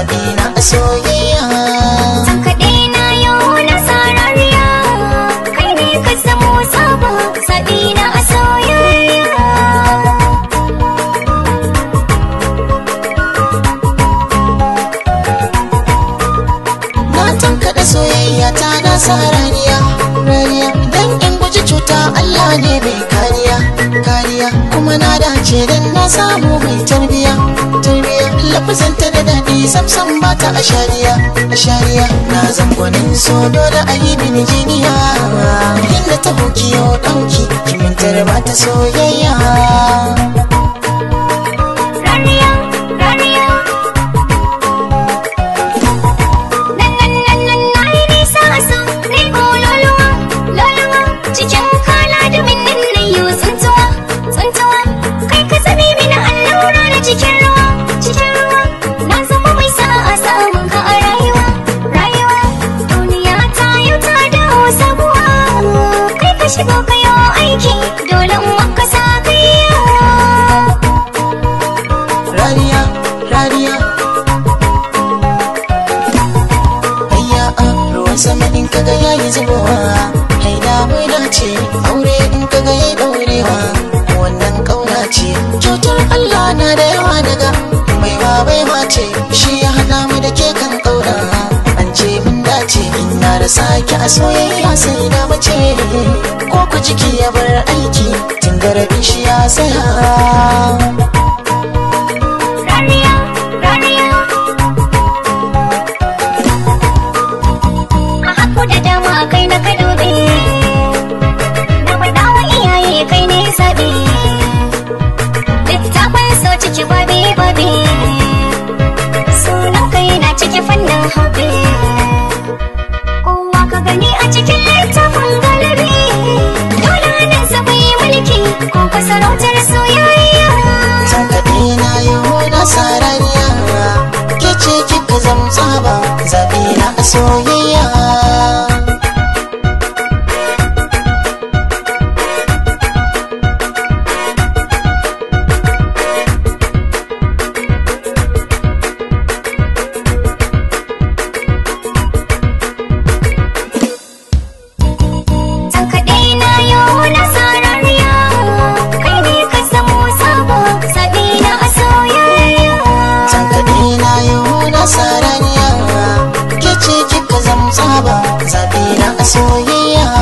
zaɓi na a soyayya kaɗe na yau na kai ne ka zamo sabo zaɓi na a soyayya matan kaɗa soyayya ta na sarariya rariya don in guji cuta Allah ne mai kariya kariya kuma na dace don na samu mai tarbiyya tarbiya lafazin ta da daɗi samsam ta a shariya a shariya na zan so dole a yi bini jiniya yadda ta hoki yau ɗauki kimantar ba ta soyayya Cikin Zama in kaga yayi zubowa haida waida ce aure in kaga yayi daurewa wannan kauna ce kyautar Allah na da yawa daga mai babai ma ce shi ya hana mu da ke kan kauna an ce mun dace in na da sake a soyayya sai na mace ko ku jiki ya bar aiki tun garabin shi ya saya zan saba zaɓi na soyayya sarariya kici kika zamsa ba zabira a soyayya